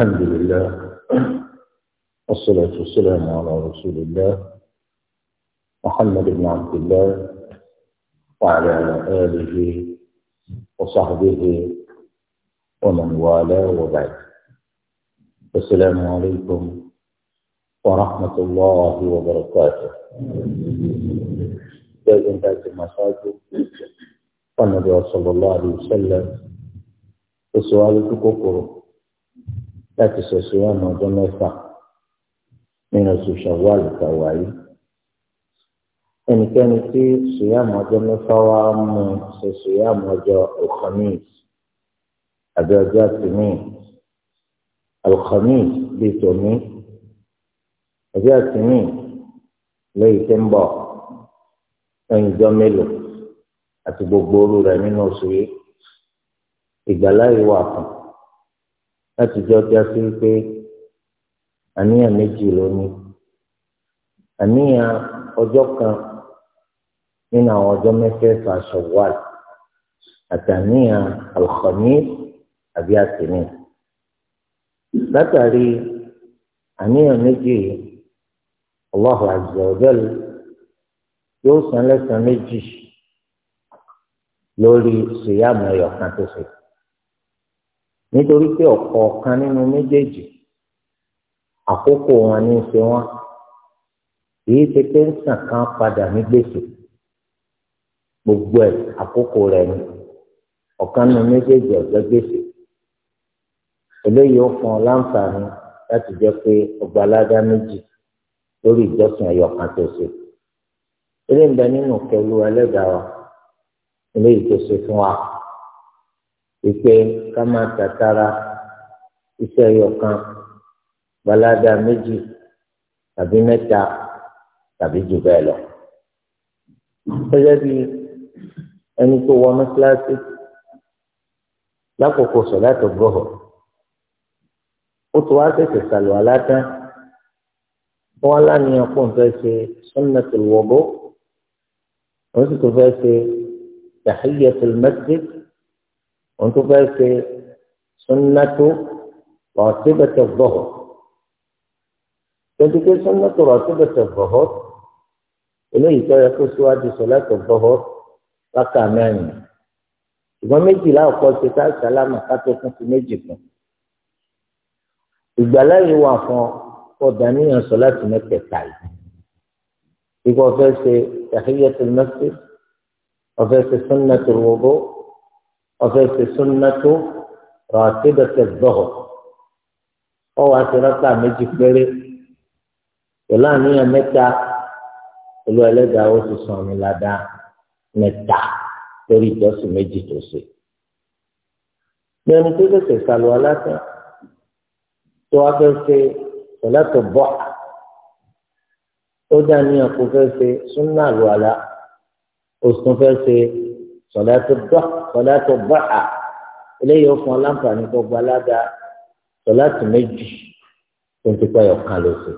الحمد لله والصلاة والسلام على رسول الله محمد بن عبد الله وعلى آله وصحبه ومن والاه وبعد السلام عليكم ورحمة الله وبركاته لازم ذات المساجد والنبي صلى الله عليه وسلم السؤال تكفره láti ṣẹ̀ṣẹ̀ ọ̀nà ọjọ́ mẹ́fà nínú oṣù ṣàwọ́ọ̀lù tàwáyé ẹnikẹ́ni tí ṣùyàmù ọjọ́ mẹ́fà wá mú ṣe ṣùyàmù ọjọ́ alkhamis àbí ọjọ́ àtìmí alkhamis bíi tòní ọjọ́ àtìmí lẹ́yìn tí ń bọ̀ lẹ́yìn ọjọ́ mélòó àti gbogbo orú rẹ̀ nínú oṣù yìí ìgbàláyé wà fún un láti jọ já sí pé àníyàn méjì ló ní àníyàn ọjọ́ kan nínú àwọn ọjọ́ mẹ́fẹ̀ẹ̀fà Shawwal àtàníyàn Al-Khamis àbí àtìní látàrí àníyàn méjì Allahu Azza wa yóò san lẹ́san méjì lórí ṣìyàmù ẹ̀yọ̀kan tó ṣe kù. nítorí pé ọ̀kọ̀ọ̀kan nínú méjèèjì àkókò wọn ní í ṣe wọn èyí ti pé ń sàn kan padà ní gbèsè gbogbo ẹ àkókò rẹ̀ ni ọ̀kan nínú méjèèjì ọ̀jẹ́ gbèsè eléyìí ó fún ọ láǹfààní láti jẹ́ pé ọgbà aládá méjì lórí ìjọsìn ẹyọ kan tó ṣe eléyìí bẹ nínú kẹlu ẹlẹ́dàá wa eléyìí tó ṣe fún wa. ìpè ká máa tàtàrà iṣẹ́ ẹyọkan gbalada méjì tàbí mẹ́ta tàbí jù bẹ́ẹ̀ lọ. gẹ́gẹ́ bí ẹni tó wọ mọ́sálásí lákòókò sọ̀lá tó gbọ́họ̀ ó tó wá tẹ̀sẹ̀ sàlù alátán wọn lánìyàn kó n ṣe sunnatul wudu wọn sì tó fẹ́ ṣe tahiyyatul masjid òun tó fẹ́ ṣe sunnatu rọ̀tíbẹ̀tẹ̀ bọ̀họ̀ tẹ́tí pé sunnatu rọ̀tíbẹ̀tẹ̀ bọ̀họ̀ eléyìí tó yẹ kó síwájú sọ̀lẹ́tọ̀ bọ̀họ̀ bákà mẹ́rin ṣùgbọ́n méjìlá ọ̀pọ̀ ṣe ká sálámà ká tó kún sí méjì fún ìgbàláyè wà fún ọ̀dà níyàn sọ̀lẹ́tọ̀ mẹ́tẹ̀ẹ̀ta yìí ìgbà ọ̀fẹ́ ṣe tahiyatul masjid ọ̀fẹ́ ṣe sunnatu wudu ọ̀fẹ́ ṣe sunnatu ràtìdọ̀tẹ̀ dọ̀họ̀ ọwọ́ àtẹ̀rọ̀tà méjì péré pẹ̀lú àníyàn mẹ́ta olú ẹlẹ́dàá ó ti sàn mí ládàá mẹ́ta lórí ìjọsìn méjì tó ṣe. ní ẹni tó tẹ̀sẹ̀ sàlùwà lásán tó wá fẹ́ ṣe ṣọlẹ́tọ̀ bọ́ ó dá níyàn kó fẹ́ ṣe súnà àlùwàlá ó tún fẹ́ ṣe sọlá tó dọ́ sọlá tó bá a eléyìí ó fún ọ láǹfààní tó gba alága sọlá tó méjì tó ń ti pẹ́ ọ̀kan lóṣù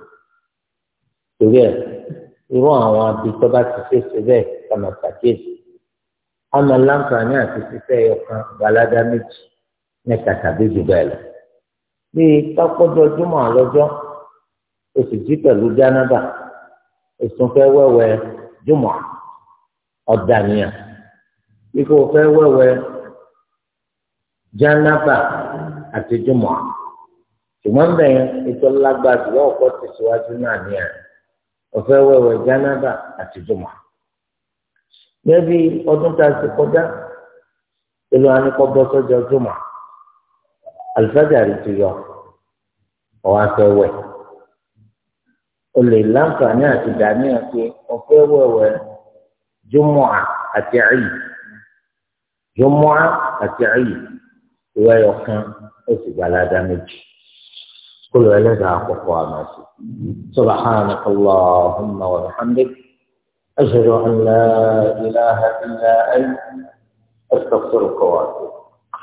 torí ẹ irú àwọn abitọ́ bá ti ṣe ṣe bẹ́ẹ̀ kàmá pàkíyèsí àmọ́ láǹfààní àti ṣiṣẹ́ ọ̀kan gba alága méjì mẹ́ta tàbí jù bẹ́ẹ̀ lọ bíi kápọ́jọ júmọ̀ àlọ́jọ́ oṣù tí pẹ̀lú jánábà oṣù fẹ́ wẹ́wẹ́ júmọ̀ ọ̀dàníyàn ipò fẹ́ wẹ̀wẹ̀ jánábà àti jùmọ̀ ṣùgbọ́n bẹ́ẹ̀ ètò lágbàdo lọ́wọ́ kọ́ tẹ̀síwájú náà ní ẹ̀ ọ̀fẹ́ wẹ̀wẹ̀ jánábà àti jùmọ̀. Gẹ́bí ọdún tá a ti kọjá ìlú anìkọ́ bọ́ sọ́jọ́ jùmọ̀ àlùfáàjàrí ti yọ ọ̀wá fẹ́ wẹ̀ o lè àti dàníyàn ọ̀fẹ́ wẹ̀wẹ̀ jùmọ̀ àti àyè. jọmọ́á àti ayé ìwé ọ̀kan ó sì gbalada méjì kó lọ ẹlẹ́dàá àkọ́kọ́ àmàṣe subhanaka allahumma wa bihamdik ashhadu an ẹ̀ ẹ̀ ẹ̀ ẹ̀ ẹ̀ ẹ̀ ẹ